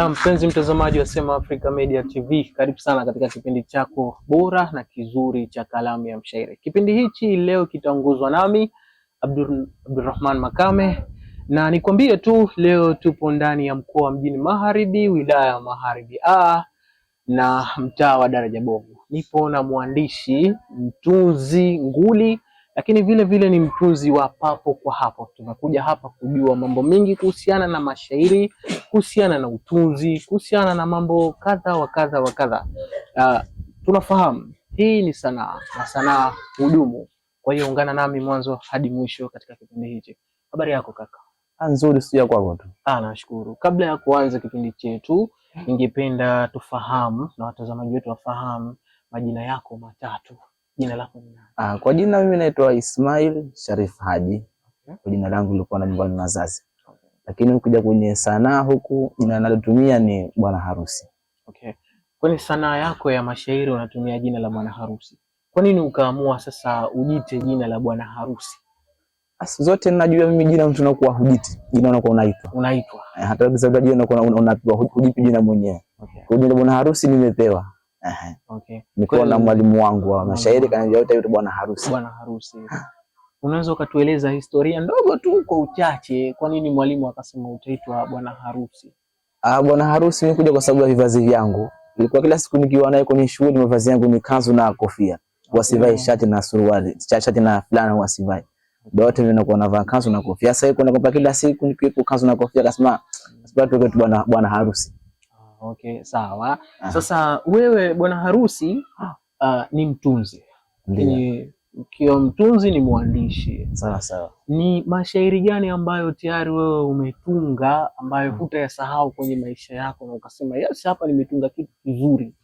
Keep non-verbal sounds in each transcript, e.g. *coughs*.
Na mpenzi mtazamaji wa Sema Africa Media TV, karibu sana katika kipindi chako bora na kizuri cha Kalamu ya Mshairi. Kipindi hichi leo kitaongozwa nami Abdur, Abdurrahman Makame na nikwambie tu leo tupo ndani ya mkoa wa Mjini Magharibi, wilaya ya Magharibi A na mtaa wa Daraja Bovu. Nipo na mwandishi mtunzi nguli lakini vile vile ni mtunzi wa papo kwa hapo. Tumekuja hapa kujua mambo mengi kuhusiana na mashairi, kuhusiana na utunzi, kuhusiana na mambo kadha wa kadha wa kadha. Uh, tunafahamu hii ni sanaa na sanaa hudumu. Kwa hiyo ungana nami mwanzo hadi mwisho katika kipindi hichi. Habari yako kaka? Ah, nzuri, sio kwako tu. Ah, nashukuru. Kabla ya kuanza kipindi chetu, ningependa tufahamu na watazamaji wetu wafahamu majina yako matatu. Jina lako? Ah, kwa jina mimi naitwa Ismail Sharif Haji. Kwa Jina langu lilikuwa na nyumbani wazazi. Lakini ukija kwenye sanaa huku jina nalotumia ni bwana harusi. Okay. Kwenye sanaa yako ya mashairi unatumia jina la bwana harusi. Kwa nini ukaamua sasa ujite jina la bwana harusi? Asi ah, zote najua mimi jina mtu unakuwa hujiti. Jina unakuwa unaitwa. Unaitwa. Eh, hata ukizaliwa jina unakuwa unapewa, hujipi jina mwenyewe. Okay. Kwa jina bwana harusi nimepewa. Okay. Niko na mwalimu wangu wa mashairi kanajaita yule bwana harusi. Bwana harusi. Unaweza ukatueleza historia ndogo tu kwa uchache, kwa nini mwalimu akasema utaitwa bwana harusi? Ah, bwana harusi ni kuja kwa sababu ya vivazi vyangu. Ilikuwa kila siku nikiwa naye kwenye shughuli, mavazi yangu ni kanzu na kofia, wasivai shati na suruali, shati na fulana wasivai dote, nakuwa navaa kanzu na kofia. Sasa kuna kwa kila siku nikiwa kanzu na kofia, akasema sababu tu bwana bwana harusi Okay, sawa. Sasa wewe bwana harusi uh, ni mtunzi ukiwa mtunzi ni mwandishi sawa sawa. Ni mashairi gani ambayo tayari wewe umetunga ambayo mm. hutayasahau kwenye maisha yako na ukasema yes, hapa nimetunga kitu kizuri?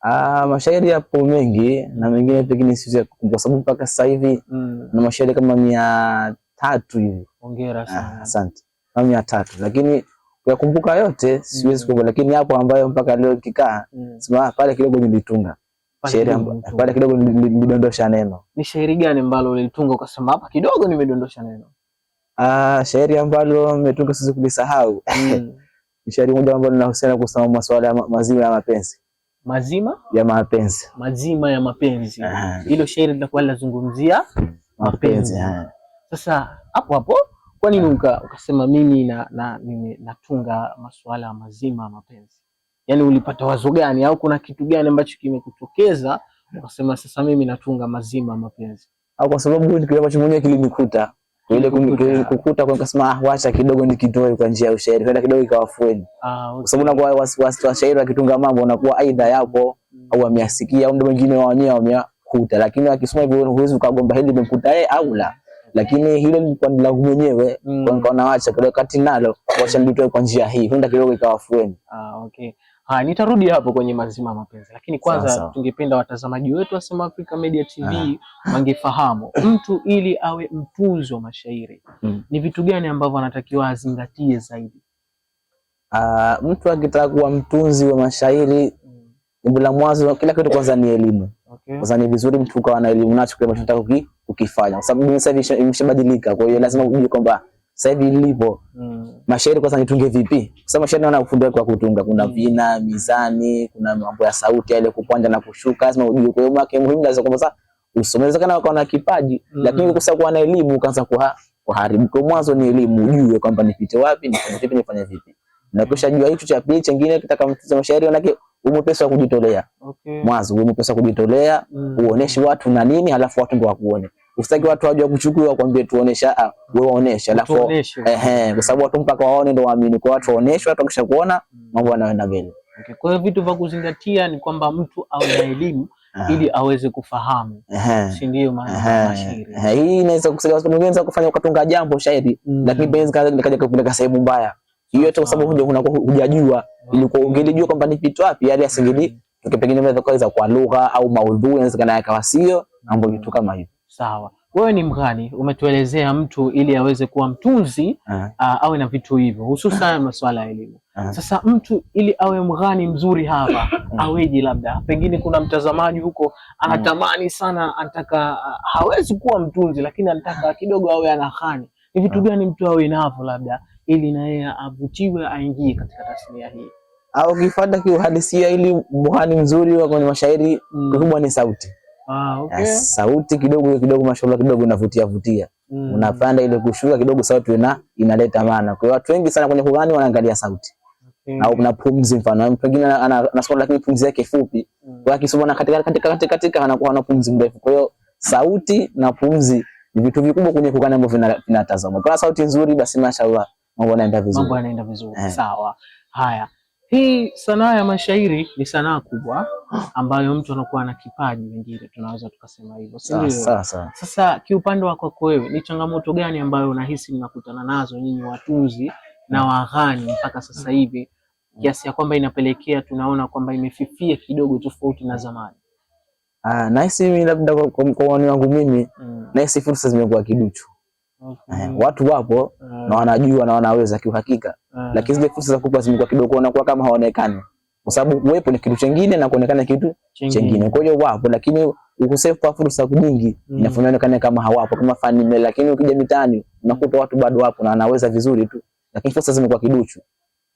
Ah, mashairi yapo mengi na mengine pengine siwezi kwa sababu mpaka sasa hivi mm. na mashairi kama mia tatu hivi. Hongera ah, sana. Asante. Ah, kama mia tatu lakini kuyakumbuka yote siwezi mm. kumbuka, lakini hapo ambayo mpaka leo kikaa mm. sema ah, pale kidogo nilitunga shairi pale kidogo nilidondosha neno. Ni shairi gani ambalo ulitunga ukasema hapa kidogo nimedondosha neno? Ah, shairi ambalo nimetunga siwezi kulisahau mm. *laughs* ni shairi moja ambalo linahusiana kusema masuala ya mazima ya mapenzi mazima ya mapenzi mazima ya mapenzi. Ah. Hilo shairi litakuwa linazungumzia mapenzi. Ah. Sasa hapo hapo kwa nini uka, ukasema mimi na, na mimi natunga masuala mazima ya mapenzi? Yaani ulipata wazo gani au kuna kitu gani ambacho kimekutokeza ukasema sasa mimi natunga mazima ya mapenzi? Au kwa sababu ni kile ambacho mwenyewe kilinikuta ile kukuta kwa nikasema ah, wacha kidogo nikitoe kwa njia ya ushairi, kwenda kidogo ikawafueni. fueni. Ah, okay. Kwa sababu nakuwa waswasi washairi akitunga mambo wanakuwa aidha yapo mm. au wameyasikia au ndio wengine wao wenyewe wamekuta, lakini wakisoma hivyo huwezi ukagomba hili umemkuta yeye au la lakini hilo lilikuwa ni langu mwenyewe mm. kwa nikaona wacha kidogo nalo wacha nilitoe kwa njia hii huenda kidogo ikawa fueni. Ah, okay. Ha, nitarudi hapo kwenye mazima ya mapenzi lakini kwanza sao, sao. Tungependa watazamaji wetu wa Sema Africa Media TV ah. wangefahamu mtu ili awe mtunzi wa mashairi mm. ni vitu gani ambavyo anatakiwa azingatie zaidi? Uh, mtu akitaka kuwa mtunzi wa mashairi mm. la mwanzo kila kitu kwanza ni elimu Okay. Sasa ni vizuri mtu ukawa na elimu nacho kile unachotaka kukifanya. Kwa sababu dunia sasa imeshabadilika. Kwa hiyo lazima ujue kwamba sasa hivi nilipo mm. mashairi kwanza nitunge vipi? Kwa sababu mashairi naona ufundi wake wa kutunga, kuna mm. vina, mizani, kuna mambo ya sauti yale kupanda na kushuka, lazima ujue. Kwa hiyo mwake muhimu lazima kwamba sasa usomeze kana ukawa na kipaji, mm. lakini ukikosa kuwa na elimu ukaanza kuha kuharibu. Kwa mwanzo ni elimu, ujue kwamba nipite wapi, nifanye vipi, nifanye vipi. Na kisha jua hicho cha pili, chengine kitaka mashairi wanake pesa wa kujitolea okay. Mwanzo umwepesi wa kujitolea mm. Uoneshe watu na nini, halafu watu ndo wakuone. Usitaki watu waje kuchukua wakwambie tuonesha, ah, wewe waoneshe, halafu ehe, kwa sababu watu mpaka waone ndo waamini. Kwa watu waoneshe, watu wakisha kuona mm. mambo yanaenda mbele. Okay. Kwa hiyo vitu vya kuzingatia ni kwamba mtu awe na elimu ah. ili aweze kufahamu, si ndio? Maana mashairi hii inaweza kusaidia watu wengine kufanya ukatunga jambo shairi, mm. lakini benzi kaja kupeleka sehemu mbaya hiyo hata kwa sababu ah. unakuwa hujajua, ah. ilikuwa ungelijua kwamba ni vitu wapi yale yaani asingeli mm. pengine inaweza kwa lugha au maudhui inawezekana yakawa sio mambo, vitu kama hivyo. Sawa, wewe ni mgani, umetuelezea mtu ili aweze kuwa mtunzi ah. awe na vitu hivyo, hususan *coughs* masuala ya elimu. Sasa mtu ili awe mgani mzuri hapa *coughs* aweje? Labda pengine kuna mtazamaji huko anatamani mm. sana, anataka hawezi kuwa mtunzi, lakini anataka kidogo awe ana Ni vitu gani mtu awe navyo labda ili na yeye avutiwe aingie katika tasnia hii au kifuata kiuhalisia, ili muhani mzuri wa kwenye mashairi mm. kikubwa ni sauti. Ah, okay. Sauti kidogo kidogo, mashallah, kidogo inavutia vutia mm. unapanda ile kushuka kidogo, sauti ina inaleta maana. Kwa watu wengi sana kwenye Qur'ani wanaangalia sauti okay. au kuna pumzi, mfano mtu mwingine anasoma lakini pumzi yake fupi mm. kwa akisoma na katika katika katika katika anakuwa na pumzi ndefu. Kwa hiyo sauti na pumzi ni vitu vikubwa kwenye Qur'ani ambavyo vinatazamwa. Kwa sauti nzuri, basi mashallah mambo yanaenda vizuri, mambo yanaenda vizuri eh. Sawa, haya, hii sanaa ya mashairi ni sanaa kubwa ambayo mtu anakuwa na kipaji, wengine tunaweza tukasema hivyo, si Sasa, sasa kiupande wako wewe, ni changamoto gani ambayo unahisi mnakutana nazo nyinyi watunzi na waghani mpaka sasa hivi kiasi ya kwamba inapelekea tunaona kwamba imefifia kidogo tofauti na zamani? Ah, nahisi mimi labda kwa maoni yangu mimi, mm. nahisi fursa zimekuwa kiduchu Okay. Mhm. Watu wapo yeah. na wanajua na wanaweza kiuhakika yeah. Lakini zile fursa za kukua zimekuwa kidogo, wanakuwa kama haonekani, kwa sababu uwepo ni kitu chengine na kuonekana kitu chengine. Kwa hiyo wapo, lakini ukosefu wa fursa nyingi mm. inafanya onekane kama hawapo kama fani mbele, lakini ukija mitaani unakuta watu bado wapo na wanaweza vizuri tu, lakini fursa zimekuwa kiduchu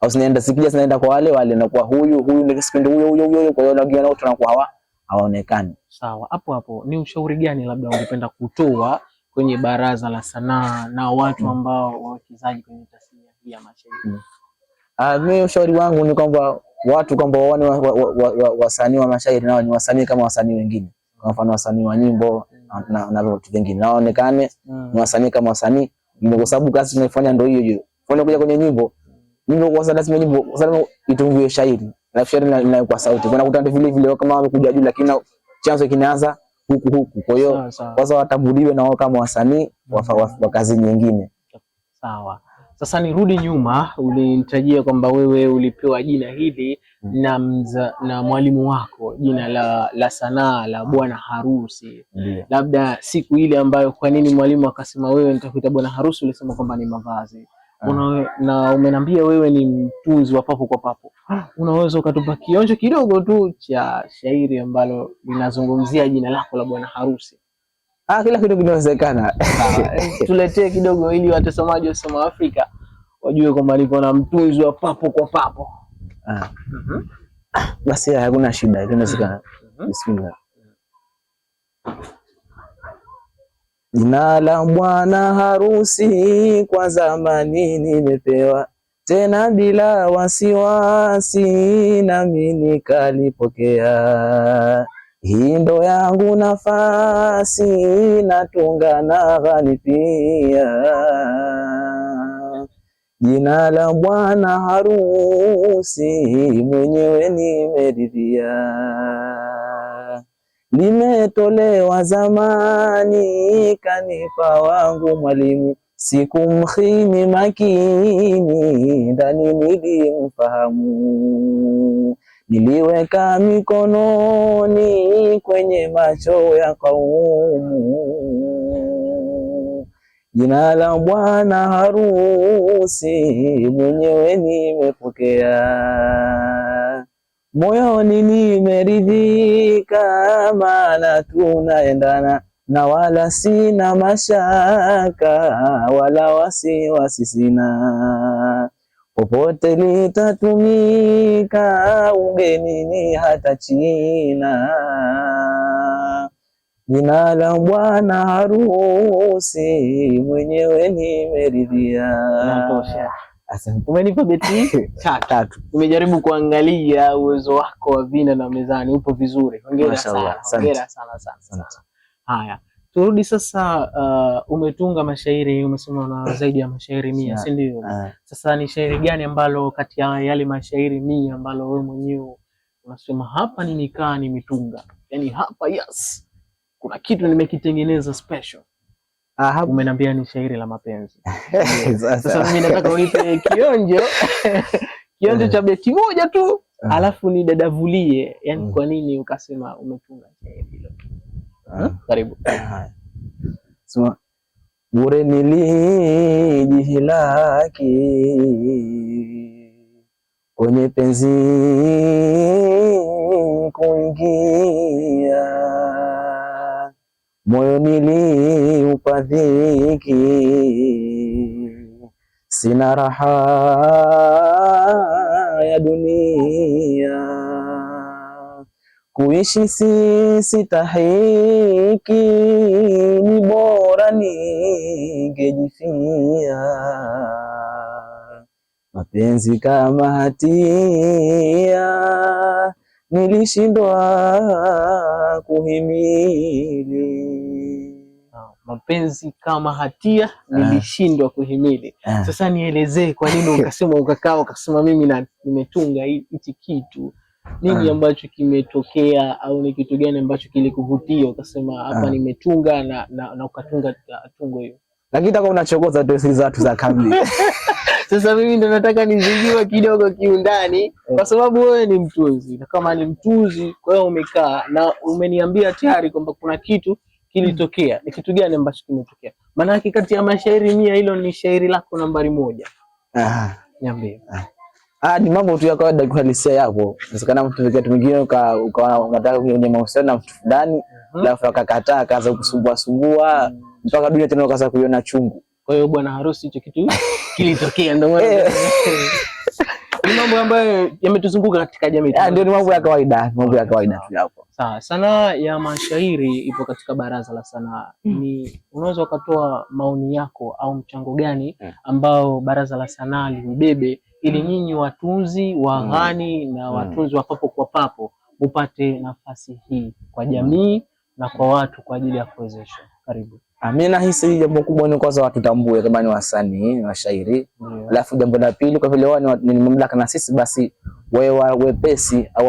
au zinaenda zikija zinaenda kwa wale wale na kwa huyu huyu ni kipindi huyo huyo huyo, kwa hiyo unagia na watu na kwa hawa hawaonekani. Sawa, hapo hapo ni ushauri gani labda ungependa kutoa kwenye baraza la sanaa na watu mm. ambao wawekezaji kwenye tasnia hii ya mashairi? Mm. Ah, mimi ushauri wangu ni kwamba watu kwamba waone wasanii wa mashairi nao ni wasanii kama wasanii wengine, kwa mfano wasanii wa nyimbo na vitu vingine, naonekane mm. ni wasanii kama wasanii, kwa sababu kazi tunaifanya ndio hiyo hiyo. Fanya kuja kwenye nyimbo nyimbo, kwa sababu lazima nyimbo kwa sababu itungiwe shairi na shairi na kwa sauti, kuna kutanda vile vile kama wamekuja juu, lakini chanzo kinaanza huku huku. Kwa hiyo kwanza watambuliwe na wao kama wasanii wa kazi nyingine. Sawa. Sasa nirudi nyuma, ulinitajia kwamba wewe ulipewa jina hili hmm. na, mza, na mwalimu wako jina la, la sanaa la Bwana Harusi labda siku ile ambayo, kwa nini mwalimu akasema wewe nitakuita Bwana Harusi, ulisema kwamba ni mavazi Ah. Una, na umeniambia wewe ni mtunzi wa papo kwa papo, *gasps* unaweza ukatupa kionjo kidogo tu cha shairi ambalo linazungumzia jina lako la bwana harusi? Ah, kila kitu kinawezekana. *laughs* Eh, tuletee kidogo, ili watazamaji wa Soma Afrika wajue kwamba niko na mtunzi wa papo kwa papo. Ah, mhm. basi hakuna shida, inawezekana. Mhm. Bismillah. Jina la bwana harusi kwa zamani nimepewa, tena bila wasiwasi, nami nikalipokea. Hii ndo yangu nafasi, natunga na ghani pia. Jina la bwana harusi, mwenyewe nimeridhia. Nimetolewa zamani, kanipa wangu mwalimu, sikumhini makini, ndani nilimfahamu. Niliweka mikononi kwenye macho ya kaumu, jina la bwana harusi mwenyewe nimepokea moyoni nimeridhika, maana tunaendana na wala sina mashaka wala wasiwasi sina, popote litatumika ugenini hata China. Jina la bwana harusi mwenyewe nimeridhia. Umenipa beti *laughs* tatu. Nimejaribu kuangalia uwezo wako wa vina na mezani, upo vizuri. Hongera sana, hongera sana sana. Haya, turudi sasa. Uh, umetunga mashairi, umesema na zaidi ya mashairi mia, si ndio? Ah. Sasa ni shairi gani ambalo kati ya yale mashairi mia ambalo wewe mwenyewe unasema hapa nimekaa nimetunga, yaani hapa yes, kuna kitu nimekitengeneza special Ah, umeniambia ni shairi la mapenzi. *laughs* Sasa mimi *laughs* nataka unipe kionjo *laughs* kionjo cha beti moja tu ah. alafu ni dadavulie, yani mm. kwa nini ukasema umetunga shairi hilo? Ah? Karibu. Sema *clears throat* bure nilijihilaki kwenye penzi kuingia moyo niliupadhiki sina raha ya dunia, kuishi si sitahiki, ni bora ningejifia, mapenzi kama hatia nilishindwa kuhimili mapenzi kama hatia nilishindwa kuhimili. Eh. Eh. Sasa nielezee kwa nini ukasema ukakaa ukasema mimi na nimetunga hichi kitu. Nini eh. ambacho kimetokea au ni kitu gani ambacho kilikuvutia ukasema hapa nimetunga na, na, na ukatunga tungo hiyo? Lakini taka unachokoza tu za kambi *laughs* Sasa mimi ndo nataka nizijiwe kidogo kiundani, eh. kwa sababu wewe ni mtunzi, na kama ni mtunzi, kwa hiyo umekaa na umeniambia tayari kwamba kuna kitu kilitokea. Ni kitu gani ambacho kimetokea? Maanake kati ya mashairi mia, hilo ni shairi lako nambari moja. Aha. niambie. Ah, ah ni mambo tu ya kawaida kwa kuhalisia yapo. Inawezekana mtu mwingine wakati mwingine ukaona unataka kwenye mahusiano na mtu fulani, mhm. alafu akakataa, akaanza kusumbua sumbua mm. mpaka dunia tena ukaanza kuiona chungu. Kwa hiyo bwana harusi hicho kitu *laughs* akili ndio maana eh. *laughs* mambo ambayo yametuzunguka katika jamii. Ah, ndio mambo ya kawaida, mambo ya kawaida hapo. Sawa, sanaa ya mashairi ipo katika Baraza la Sanaa. Hmm. Ni unaweza ukatoa maoni yako au mchango gani hmm. ambao Baraza la Sanaa liubebe ili hmm. nyinyi watunzi waghani na watunzi wa papo kwa papo upate nafasi hii kwa jamii na kwa watu kwa ajili ya kuwezeshwa. Karibu. Ah, mimi nahisi jambo kubwa ni kwanza watutambue kama ni wasanii ni washairi, alafu yeah. Jambo la pili kwa vile wao ni mamlaka na sisi, basi wewe wepesi au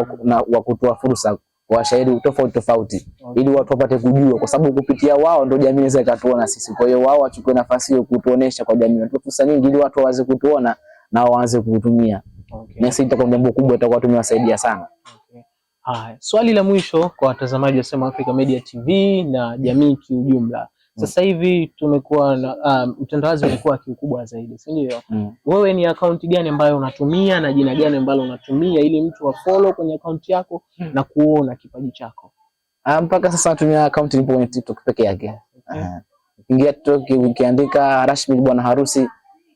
wa kutoa fursa kwa washairi tofauti tofauti okay. Ili watu wapate kujua, kwa sababu kupitia wao ndio jamii inaweza ikatuona sisi. Kwa hiyo wao wachukue nafasi hiyo kutuonesha kwa jamii, watu fursa nyingi, ili watu waanze kutuona na waanze kutumia okay. Na sisi itakuwa jambo kubwa, itakuwa tumewasaidia sana okay. Haya, swali la mwisho kwa watazamaji wa Sema Africa Media TV na jamii kiujumla sasa hivi tumekuwa na um, mtandawazi um, umekuwa kikubwa zaidi, si ndio? Mm. Wewe ni akaunti gani ambayo unatumia na jina gani ambalo unatumia ili mtu follow kwenye akaunti yako mm. na kuona kipaji chako? Ah, mpaka sasa natumia akaunti nipo kwenye TikTok peke yake. Ukiingia Uh, TikTok ukiandika Rashmil Bwana Harusi,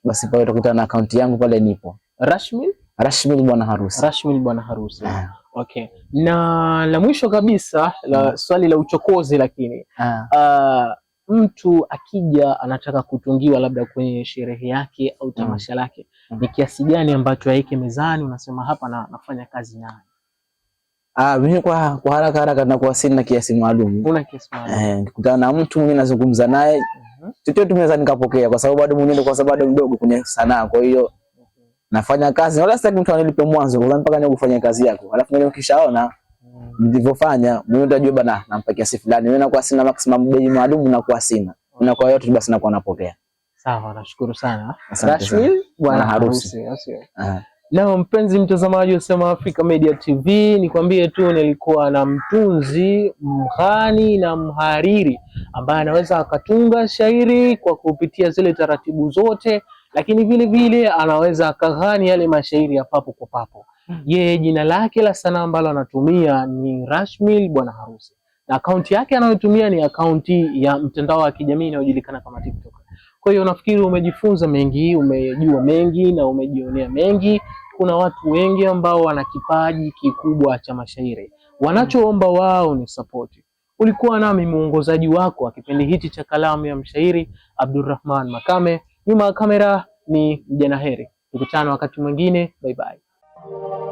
basi pale utakutana na akaunti yangu pale nipo. Rashmil Rashmil Bwana Harusi. Rashmil Bwana Harusi. Uh. Okay. Na la mwisho kabisa la mm. swali la uchokozi lakini uh. Uh, mtu akija anataka kutungiwa labda kwenye sherehe yake au mm. tamasha lake, mm. ni kiasi gani ambacho aweke mezani, unasema hapa na nafanya kazi naye? Ah, mimi kwa kwa haraka haraka na kwa sina kiasi maalum. Kuna kiasi maalum. Eh, na mtu mimi nazungumza naye. Mm-hmm. Chochote mezani nikapokea kwa sababu bado mwenyewe kwa sababu bado mdogo kwenye sanaa. Kwa hiyo mm-hmm. nafanya kazi. Wala sitaki mtu anilipe mwanzo, mpaka nyinyi kufanya kazi yako. Alafu mwenyewe ukishaona mlivyofanya mwenyewe utajua bana, nampa kiasi fulani. Mimi nakuwa sina maximum bei maalum, nakuwa sina na kwa yote basi nakuwa napokea. Sawa, nashukuru sana rasmi bwana harusi. Leo mpenzi mtazamaji wa Sema Africa Media TV, nikwambie tu nilikuwa na mtunzi mghani na mhariri ambaye anaweza akatunga shairi kwa kupitia zile taratibu zote, lakini vile vile anaweza akaghani yale mashairi ya papo kwa papo. Hmm. ye jina lake la sanaa ambalo anatumia ni Rashmil bwana harusi, na akaunti yake anayotumia ni akaunti ya mtandao wa kijamii inayojulikana kama TikTok. Kwa hiyo nafikiri umejifunza mengi, umejua mengi na umejionea mengi. Kuna watu wengi ambao wana kipaji kikubwa cha mashairi, wanachoomba wao ni support. Ulikuwa nami muongozaji wako wa kipindi hichi cha Kalamu ya Mshairi, Abdulrahman Makame. Nyuma ya kamera ni Mjanaheri. Tukutane wakati mwingine, bye bye. Thank you.